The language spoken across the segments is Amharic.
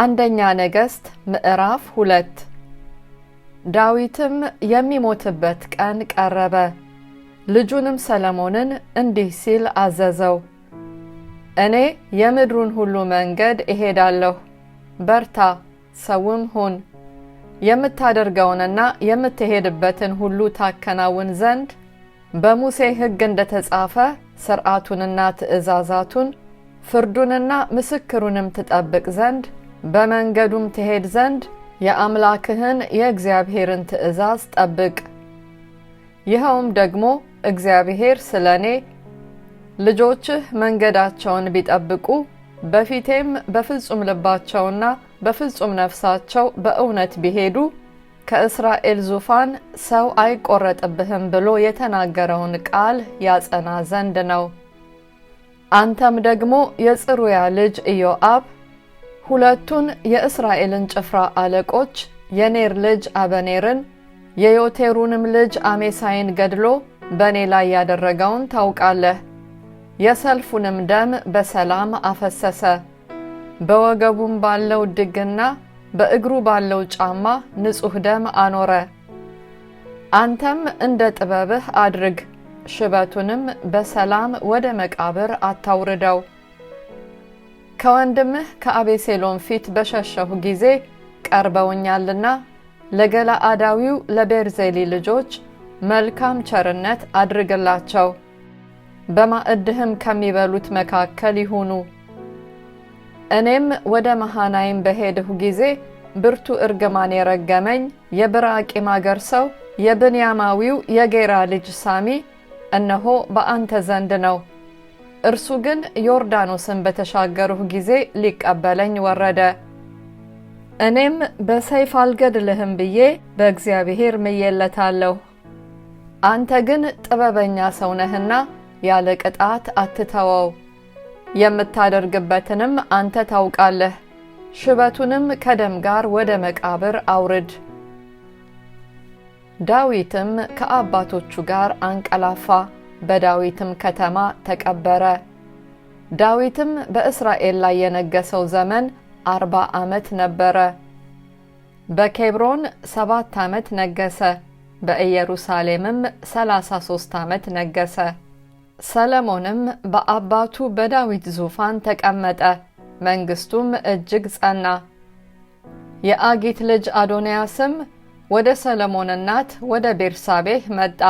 አንደኛ ነገሥት ምዕራፍ ሁለት ዳዊትም የሚሞትበት ቀን ቀረበ። ልጁንም ሰለሞንን እንዲህ ሲል አዘዘው፣ እኔ የምድሩን ሁሉ መንገድ እሄዳለሁ። በርታ፣ ሰውም ሁን፣ የምታደርገውንና የምትሄድበትን ሁሉ ታከናውን ዘንድ በሙሴ ሕግ እንደተጻፈ ሥርዓቱንና ትእዛዛቱን ፍርዱንና ምስክሩንም ትጠብቅ ዘንድ በመንገዱም ትሄድ ዘንድ የአምላክህን የእግዚአብሔርን ትእዛዝ ጠብቅ። ይኸውም ደግሞ እግዚአብሔር ስለ እኔ ልጆችህ መንገዳቸውን ቢጠብቁ በፊቴም በፍጹም ልባቸውና በፍጹም ነፍሳቸው በእውነት ቢሄዱ ከእስራኤል ዙፋን ሰው አይቆረጥብህም ብሎ የተናገረውን ቃል ያጸና ዘንድ ነው። አንተም ደግሞ የጽሩያ ልጅ ኢዮአብ ሁለቱን የእስራኤልን ጭፍራ አለቆች የኔር ልጅ አበኔርን የዮቴሩንም ልጅ አሜሳይን ገድሎ በእኔ ላይ ያደረገውን ታውቃለህ። የሰልፉንም ደም በሰላም አፈሰሰ። በወገቡም ባለው ድግና በእግሩ ባለው ጫማ ንጹሕ ደም አኖረ። አንተም እንደ ጥበብህ አድርግ፣ ሽበቱንም በሰላም ወደ መቃብር አታውርደው። ከወንድምህ ከአቤሴሎም ፊት በሸሸሁ ጊዜ ቀርበውኛልና ለገለአዳዊው ለቤርዜሊ ልጆች መልካም ቸርነት አድርግላቸው፣ በማዕድህም ከሚበሉት መካከል ይሁኑ። እኔም ወደ መሃናይም በሄድሁ ጊዜ ብርቱ እርግማን የረገመኝ የብራቂም አገር ሰው የብንያማዊው የጌራ ልጅ ሳሚ እነሆ በአንተ ዘንድ ነው እርሱ ግን ዮርዳኖስን በተሻገርሁ ጊዜ ሊቀበለኝ ወረደ። እኔም በሰይፍ አልገድልህም ብዬ በእግዚአብሔር ምየለታለሁ አንተ ግን ጥበበኛ ሰው ነህና ያለ ቅጣት አትተወው፣ የምታደርግበትንም አንተ ታውቃለህ። ሽበቱንም ከደም ጋር ወደ መቃብር አውርድ። ዳዊትም ከአባቶቹ ጋር አንቀላፋ። በዳዊትም ከተማ ተቀበረ። ዳዊትም በእስራኤል ላይ የነገሰው ዘመን አርባ ዓመት ነበረ። በኬብሮን ሰባት ዓመት ነገሰ። በኢየሩሳሌምም ሰላሳ ሦስት ዓመት ነገሰ። ሰለሞንም በአባቱ በዳዊት ዙፋን ተቀመጠ። መንግስቱም እጅግ ጸና። የአጊት ልጅ አዶንያስም ወደ ሰለሞን እናት ወደ ቤርሳቤህ መጣ።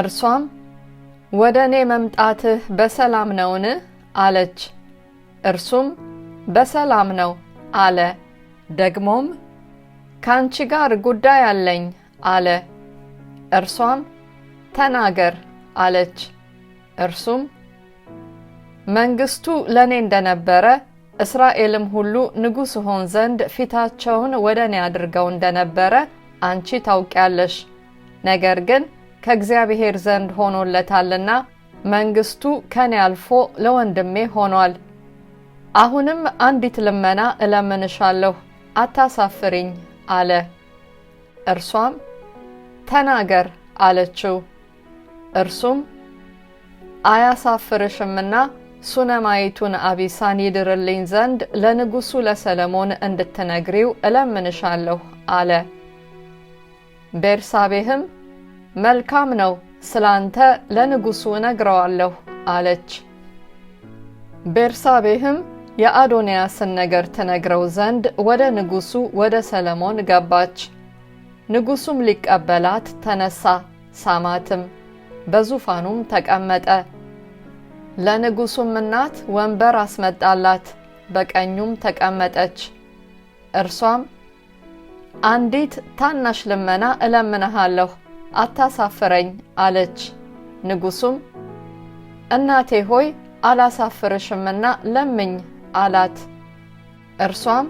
እርሷም ወደ እኔ መምጣትህ በሰላም ነውን? አለች። እርሱም በሰላም ነው አለ። ደግሞም ከአንቺ ጋር ጉዳይ አለኝ አለ። እርሷም ተናገር አለች። እርሱም መንግስቱ ለእኔ እንደነበረ እስራኤልም ሁሉ ንጉሥ ሆን ዘንድ ፊታቸውን ወደ እኔ አድርገው እንደነበረ አንቺ ታውቂያለሽ። ነገር ግን ከእግዚአብሔር ዘንድ ሆኖለታልና መንግስቱ ከኔ አልፎ ለወንድሜ ሆኗል። አሁንም አንዲት ልመና እለምንሻለሁ፣ አታሳፍሪኝ አለ። እርሷም ተናገር አለችው። እርሱም አያሳፍርሽምና ሱነማይቱን አቢሳን ይድርልኝ ዘንድ ለንጉሡ ለሰለሞን እንድትነግሪው እለምንሻለሁ አለ። ቤርሳቤህም መልካም ነው፣ ስላንተ ለንጉሱ እነግረዋለሁ አለች። ቤርሳቤህም የአዶንያስን ነገር ትነግረው ዘንድ ወደ ንጉሱ ወደ ሰለሞን ገባች። ንጉሱም ሊቀበላት ተነሳ፣ ሳማትም፣ በዙፋኑም ተቀመጠ። ለንጉሱም እናት ወንበር አስመጣላት፣ በቀኙም ተቀመጠች። እርሷም አንዲት ታናሽ ልመና እለምንሃለሁ አታሳፍረኝ አለች። ንጉሱም እናቴ ሆይ አላሳፍርሽምና ለምኝ አላት። እርሷም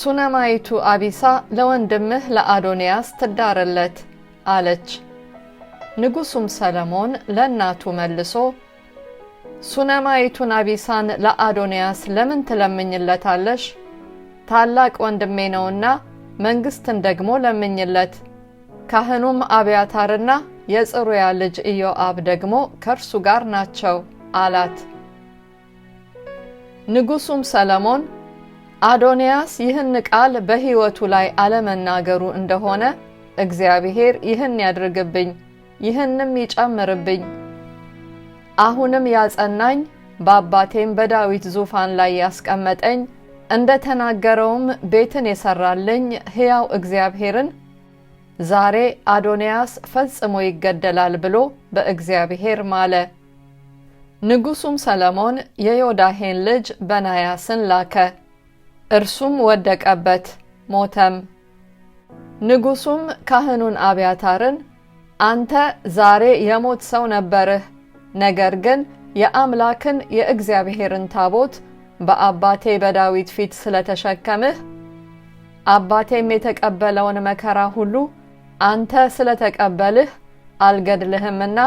ሱነማይቱ አቢሳ ለወንድምህ ለአዶንያስ ትዳርለት አለች። ንጉሱም ሰለሞን ለእናቱ መልሶ ሱነማይቱን አቢሳን ለአዶንያስ ለምን ትለምኝለታለሽ? ታላቅ ወንድሜ ነውና መንግስትን ደግሞ ለምኝለት ካህኑም አብያታርና የጽሩያ ልጅ ኢዮአብ ደግሞ ከእርሱ ጋር ናቸው አላት። ንጉሡም ሰለሞን አዶንያስ ይህን ቃል በሕይወቱ ላይ አለመናገሩ እንደሆነ እግዚአብሔር ይህን ያድርግብኝ፣ ይህንም ይጨምርብኝ፣ አሁንም ያጸናኝ፣ በአባቴም በዳዊት ዙፋን ላይ ያስቀመጠኝ እንደ ተናገረውም ቤትን የሰራልኝ ሕያው እግዚአብሔርን ዛሬ አዶንያስ ፈጽሞ ይገደላል ብሎ በእግዚአብሔር ማለ። ንጉሡም ሰለሞን የዮዳሄን ልጅ በናያስን ላከ። እርሱም ወደቀበት ሞተም። ንጉሡም ካህኑን አብያታርን አንተ ዛሬ የሞት ሰው ነበርህ፣ ነገር ግን የአምላክን የእግዚአብሔርን ታቦት በአባቴ በዳዊት ፊት ስለተሸከምህ አባቴም የተቀበለውን መከራ ሁሉ አንተ ስለተቀበልህ አልገድልህምና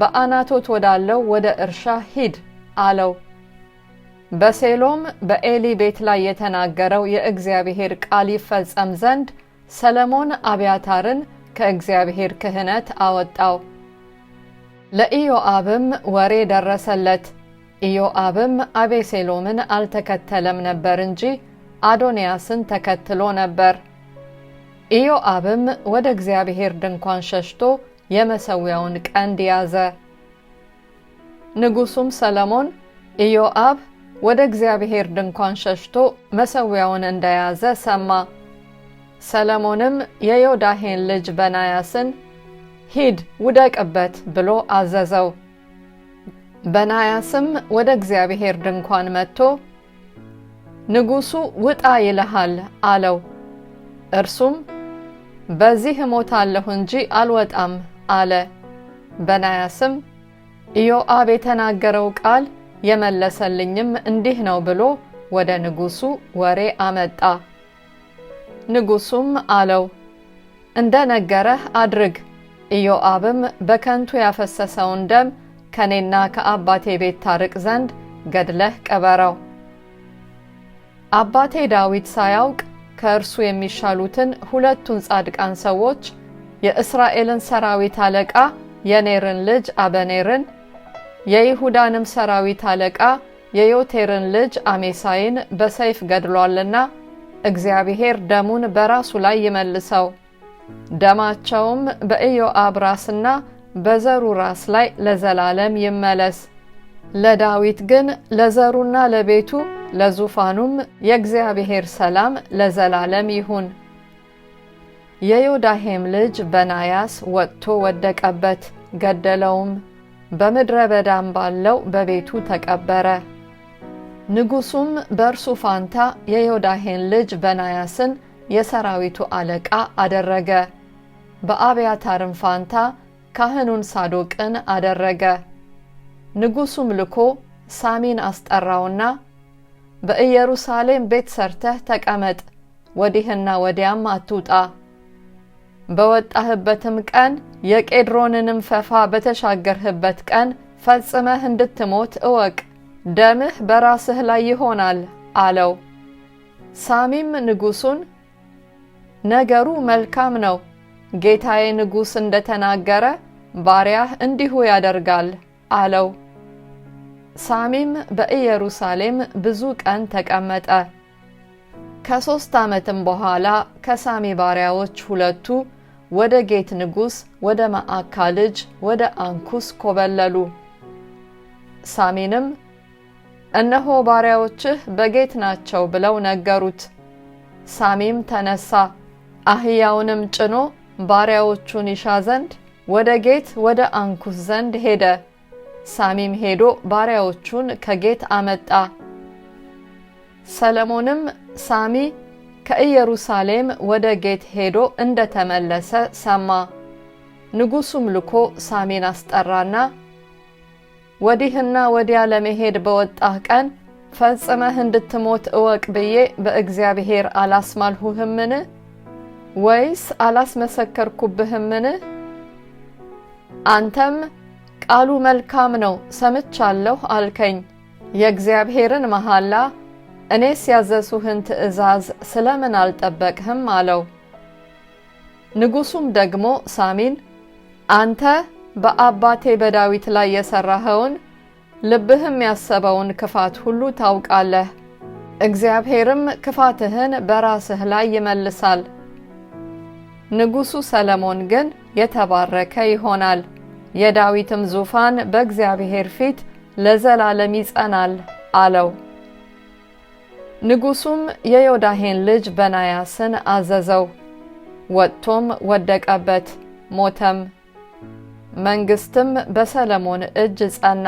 በአናቶት ወዳለው ወደ እርሻ ሂድ አለው። በሴሎም በኤሊ ቤት ላይ የተናገረው የእግዚአብሔር ቃል ይፈጸም ዘንድ ሰለሞን አብያታርን ከእግዚአብሔር ክህነት አወጣው። ለኢዮአብም ወሬ ደረሰለት። ኢዮአብም አቤሴሎምን አልተከተለም ነበር እንጂ አዶንያስን ተከትሎ ነበር። ኢዮአብም ወደ እግዚአብሔር ድንኳን ሸሽቶ የመሰዊያውን ቀንድ ያዘ። ንጉሱም ሰለሞን ኢዮአብ ወደ እግዚአብሔር ድንኳን ሸሽቶ መሰዊያውን እንደያዘ ሰማ። ሰለሞንም የዮዳሄን ልጅ በናያስን ሂድ ውደቅበት ብሎ አዘዘው። በናያስም ወደ እግዚአብሔር ድንኳን መጥቶ ንጉሱ ውጣ ይልሃል አለው። እርሱም በዚህ እሞታለሁ እንጂ አልወጣም አለ። በናያስም ኢዮአብ የተናገረው ቃል የመለሰልኝም እንዲህ ነው ብሎ ወደ ንጉሱ ወሬ አመጣ። ንጉሱም አለው እንደ ነገረህ አድርግ። ኢዮአብም በከንቱ ያፈሰሰውን ደም ከእኔና ከአባቴ ቤት ታርቅ ዘንድ ገድለህ ቅበረው። አባቴ ዳዊት ሳያውቅ ከእርሱ የሚሻሉትን ሁለቱን ጻድቃን ሰዎች የእስራኤልን ሰራዊት አለቃ የኔርን ልጅ አበኔርን የይሁዳንም ሰራዊት አለቃ የዮቴርን ልጅ አሜሳይን በሰይፍ ገድሏልና እግዚአብሔር ደሙን በራሱ ላይ ይመልሰው። ደማቸውም በኢዮአብ ራስና በዘሩ ራስ ላይ ለዘላለም ይመለስ። ለዳዊት ግን ለዘሩና ለቤቱ ለዙፋኑም የእግዚአብሔር ሰላም ለዘላለም ይሁን። የዮዳሄም ልጅ በናያስ ወጥቶ ወደቀበት፣ ገደለውም። በምድረ በዳም ባለው በቤቱ ተቀበረ። ንጉሡም በእርሱ ፋንታ የዮዳሄን ልጅ በናያስን የሰራዊቱ አለቃ አደረገ። በአብያታርም ፋንታ ካህኑን ሳዶቅን አደረገ። ንጉሱም ልኮ ሳሚን አስጠራውና በኢየሩሳሌም ቤት ሰርተህ ተቀመጥ፣ ወዲህና ወዲያም አትውጣ። በወጣህበትም ቀን የቄድሮንንም ፈፋ በተሻገርህበት ቀን ፈጽመህ እንድትሞት እወቅ፣ ደምህ በራስህ ላይ ይሆናል አለው። ሳሚም ንጉሡን ነገሩ መልካም ነው፣ ጌታዬ ንጉሥ እንደተናገረ ባሪያህ እንዲሁ ያደርጋል አለው። ሳሚም በኢየሩሳሌም ብዙ ቀን ተቀመጠ። ከሦስት ዓመትም በኋላ ከሳሚ ባሪያዎች ሁለቱ ወደ ጌት ንጉሥ ወደ ማዕካ ልጅ ወደ አንኩስ ኮበለሉ። ሳሚንም እነሆ ባሪያዎችህ በጌት ናቸው ብለው ነገሩት። ሳሚም ተነሳ፣ አህያውንም ጭኖ ባሪያዎቹን ይሻ ዘንድ ወደ ጌት ወደ አንኩስ ዘንድ ሄደ። ሳሚም ሄዶ ባሪያዎቹን ከጌት አመጣ። ሰለሞንም ሳሚ ከኢየሩሳሌም ወደ ጌት ሄዶ እንደ ተመለሰ ሰማ። ንጉሱም ልኮ ሳሚን አስጠራና ወዲህና ወዲያ ለመሄድ በወጣህ ቀን ፈጽመህ እንድትሞት እወቅ ብዬ በእግዚአብሔር አላስማልሁህምን? ወይስ አላስመሰከርኩብህምን? አንተም ቃሉ መልካም ነው ሰምቻለሁ አልከኝ። የእግዚአብሔርን መሐላ እኔስ ያዘሱህን ትእዛዝ ስለምን አልጠበቅህም አለው። ንጉሱም ደግሞ ሳሚን አንተ በአባቴ በዳዊት ላይ የሠራኸውን ልብህም ያሰበውን ክፋት ሁሉ ታውቃለህ። እግዚአብሔርም ክፋትህን በራስህ ላይ ይመልሳል። ንጉሡ ሰለሞን ግን የተባረከ ይሆናል። የዳዊትም ዙፋን በእግዚአብሔር ፊት ለዘላለም ይጸናል አለው። ንጉሱም የዮዳሄን ልጅ በናያስን አዘዘው። ወጥቶም ወደቀበት፣ ሞተም። መንግስትም በሰለሞን እጅ ጸና።